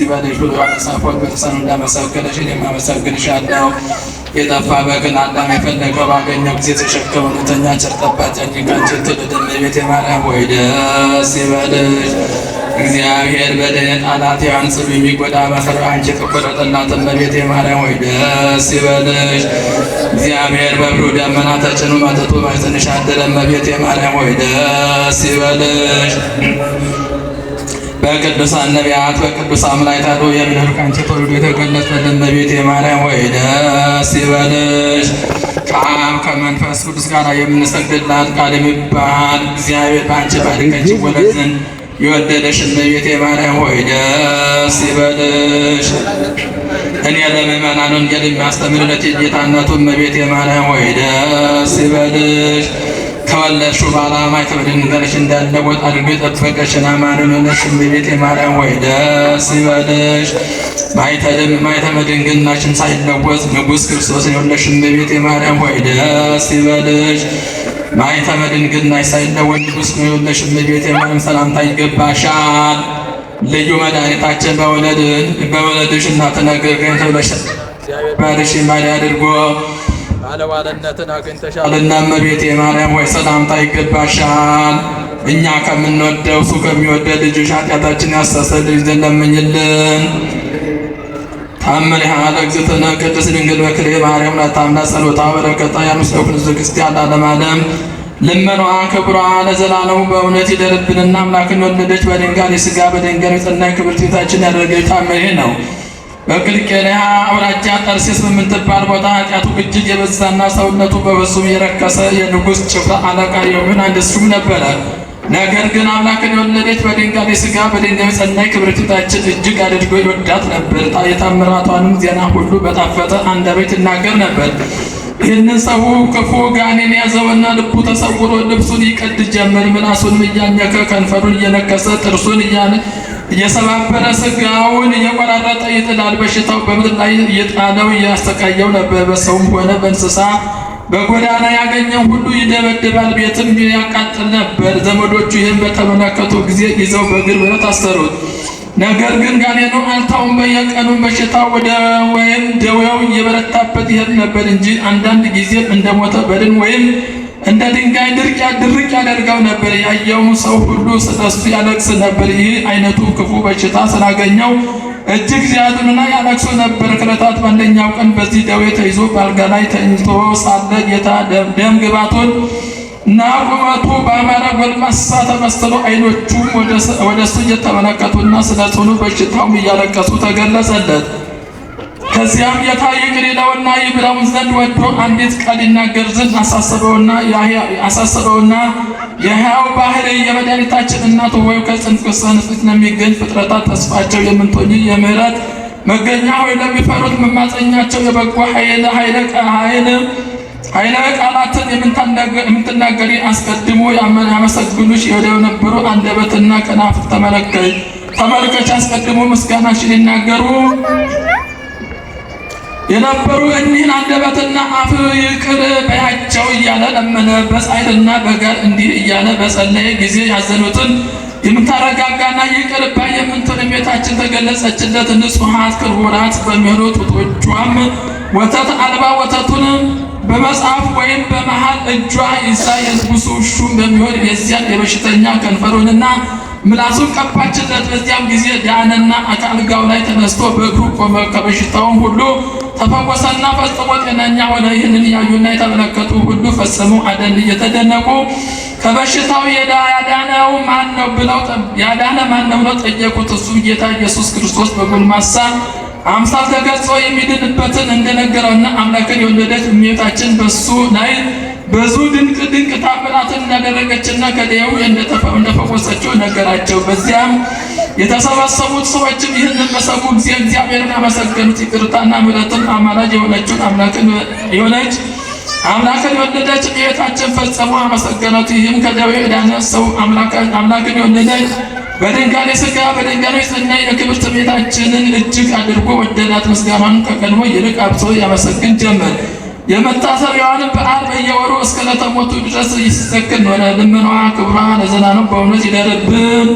ሲበልሽ ሁሉ አነሳፎች በተሰኑ እንዳመሰግንሽ እኔም አመሰግንሻለሁ። የጠፋ በግን አዳም የፈለገው ባገኘው ጊዜ ተሸከመ። እውነተኛ ቸር ጠባቂ ከአንቺ ትውልድ እመቤቴ ማርያም ሆይ ደስ ይበልሽ። እግዚአብሔር በደል ጠላት አንጽብ የሚጎዳ በሰር አንቺ የተቆረጠላት እመቤቴ ማርያም ሆይ ደስ ይበልሽ። እግዚአብሔር በብሩህ ደመና ተጭኖ መጥቶ በማኅፀንሽ አደረ እመቤቴ ማርያም ሆይ ደስ ይበልሽ። በቅዱሳን ነቢያት በቅዱሳን መላእክት አዶ የምንል ካንቺ ተወልዶ የተገለጸልን እመቤቴ ማርያም ወይ ደስ ይበልሽ። ከአብ ከመንፈስ ቅዱስ ጋር የምንሰግድላት ቃል የሚባል እግዚአብሔር በአንቺ በድንግል ይወለድ የወደደሽ እመቤቴ ማርያም ወይ ደስ ይበልሽ። እኔ ለምእመናን ወንጌል የሚያስተምርለት የጌታ እናቱ እመቤቴ ማርያም ወይ ደስ ይበልሽ። የተወለድሽው በዓላማ የተመደነገረሽ እንዳለቦት አድርጎ የጠበቀሽን አማኑነሽ እመቤቴ ማርያም ወይ ደስ ይበልሽ። ማኅተመ ድንግልናሽን ሳይለወጥ ንጉሥ ክርስቶስን የወለድሽ እመቤቴ ማርያም ወይ ደስ ይበልሽ። ማኅተመ ድንግልናሽ ሳይለወጥ ንጉሥ የወለድሽ እመቤቴ ማርያም ሰላምታ ይገባሻል። ልዩ መድኃኒታችን በወለድን በወለድሽ እናትነ ተብለሽ ባልሽ ማዳ አድርጎ ባለዋልነትን አግኝተሻልና እመቤቴ ማርያም ሆይ ሰላምታ ይገባሻል። እኛ ከምንወደው እሱ ከሚወደድ ልጅሽ ኃጢአታችን ያስተሰርይልን ዘንድ ለምኝልን። ታመን ያህል ቅድስት ድንግል በክልኤ ማርያም ለታምላ ጸሎታ በረከታ ያምስለኩን ሕዝበ ክርስቲያን ለዓለመ ዓለም ልመኗ ክብሯ ለዘላለሙ በእውነት ይደርብንና አምላክን ወለደች በድንጋሌ ሥጋ በድንጋሌ ጸናች ክብርት ቤታችን ያደረገች ታምኔ ነው። በቅልቅያ አውራጃ ጠርሴስ በምትባል ቦታ ኃጢአቱ እጅግ የበዛና ሰውነቱ በበሱም የረከሰ የንጉሥ ጭፍራ አለቃ የሚሆን አንድ ሹም ነበረ። ነገር ግን አምላክን የወለደች በድንጋሌ ሥጋ በድንጋሌ ጸናይ ክብርቲታችን እጅግ አድርጎ ይወዳት ነበር። የታምራቷንም ዜና ሁሉ በጣፈጠ አንደበት ይናገር ነበር። ይህንን ሰው ክፉ ጋኔን ያዘውና ልቡ ተሰውሮ ልብሱን ይቀድ ጀመር። ምላሱን እያኘከ ከንፈሩን እየነከሰ ጥርሱን እያነ እየሰባበረ ስጋውን እየቆራረጠ ይጥላል። በሽታው በምድር ላይ እየጣለው እያስተቃየው ነበር። በሰውም ሆነ በእንስሳ በጎዳና ያገኘው ሁሉ ይደበድባል፣ ቤትም ያቃጥል ነበር። ዘመዶቹ ይህን በተመለከቱ ጊዜ ይዘው በእግር ብረት አሰሩት። ነገር ግን ጋኔኑ አልታውም። በየቀኑ በሽታው ወደ ወይም ደዌው እየበረታበት ይሄድ ነበር እንጂ አንዳንድ ጊዜ እንደሞተ በድን ወይም እንደ ድንጋይ ድርቅ ድርቅ ያደርገው ነበር። ያየው ሰው ሁሉ ስለሱ ያለቅስ ነበር። ይህ አይነቱ ክፉ በሽታ ስላገኘው እጅግ ሲያዝኑና ያለቅሱ ነበር። ከዕለታት በአንደኛው ቀን በዚህ ደዌ ተይዞ በአልጋ ላይ ተኝቶ ሳለ ጌታ ደም ግባቱን እና ቁመቱ በአማረ ጎልማሳ ተመስሎ አይኖቹም ወደ እሱ እየተመለከቱና ስለ ጽኑ በሽታውም እያለቀሱ ተገለጸለት። ከዚያም ጌታ ይቅር ይለውና ይምረው ዘንድ ወዶ አንዲት ቃል ይናገር ዘንድ አሳሰበውና አሳሰበውና የሕያው ባህር የመድኃኒታችን እናቱ ወይ ከጽንፍ ከሰንፍት ለሚገኝ ፍጥረታት ተስፋቸው የምንቶኝ የምህረት መገኛ ሆይ ለሚፈሩት መማፀኛቸው የበጎ ኃይለ ኃይለ ቃላትን የምትናገሪ አስቀድሞ ያመሰግኑሽ የወደው ነበሩ አንደበትና ከናፍር ተመልከች አስቀድሞ ምስጋናሽን ይናገሩ የነበሩ እኒህን አንደበትና አፍ ይቅር በያቸው እያለ ለመነ። በፀሐይና በጋር እንዲህ እያለ በጸለየ ጊዜ ያዘኑትን የምታረጋጋና ይቅር ባይ የምትል እመቤታችን ተገለጸችለት። ንጹሐት ክቡራት በሚሆኑ ጡቶቿም ወተት አልባ ወተቱን በመጽሐፍ ወይም በመሃል እጇ ይዛ የንጉሱ ሹም በሚሆን የዚያን የበሽተኛ ከንፈሩንና ምላሱን ቀባችለት። በዚያም ጊዜ ዳነና አካልጋው ላይ ተነስቶ በእግሩ ቆመ። ከበሽታውም ሁሉ ተፈወሰና ፈጽሞ ጤነኛ ሆነ። ይህንን ያዩና የተመለከቱ ሁሉ ፈጽሞ አደን እየተደነቁ ከበሽታው ያዳነው ማን ነው ብለው ያዳነ ማን ነው ብለው ጠየቁት። እሱ ጌታ ኢየሱስ ክርስቶስ በጎልማሳ አምሳል ተገልጾ የሚድንበትን እንደነገረውና አምላክን የወለደች እመቤታችን በሱ ላይ ብዙ ድንቅ ድንቅ ታምራትን እንዳደረገችና ከደዌው እንደፈወሰችው ነገራቸው። በዚያም የተሰበሰቡት ሰዎችም ይህንን በሰሙ ጊዜ እግዚአብሔርን አመሰገኑት። ይቅርታና ምሕረትን አማላጅ የሆነችውን አምላክን የሆነች አምላክን የወለደች እመቤታችን ፈጽሞ አመሰገኑት። ይህም ከደዌ የዳነ ሰው አምላክን የወለደች በድንጋሌ ስጋ በድንጋሌ ጸናይ የክብርት እመቤታችንን እጅግ አድርጎ ወደዳት። ምስጋናን ከቀድሞ ይልቅ አብዝቶ ያመሰግን ጀመር። የመታሰቢያዋን በዓል በየወሩ እስከ ዕለተ ሞቱ ድረስ ይሰክን ሆነ። ልመናዋ ክብሯ ለዘላለም በእውነት ይደርብን።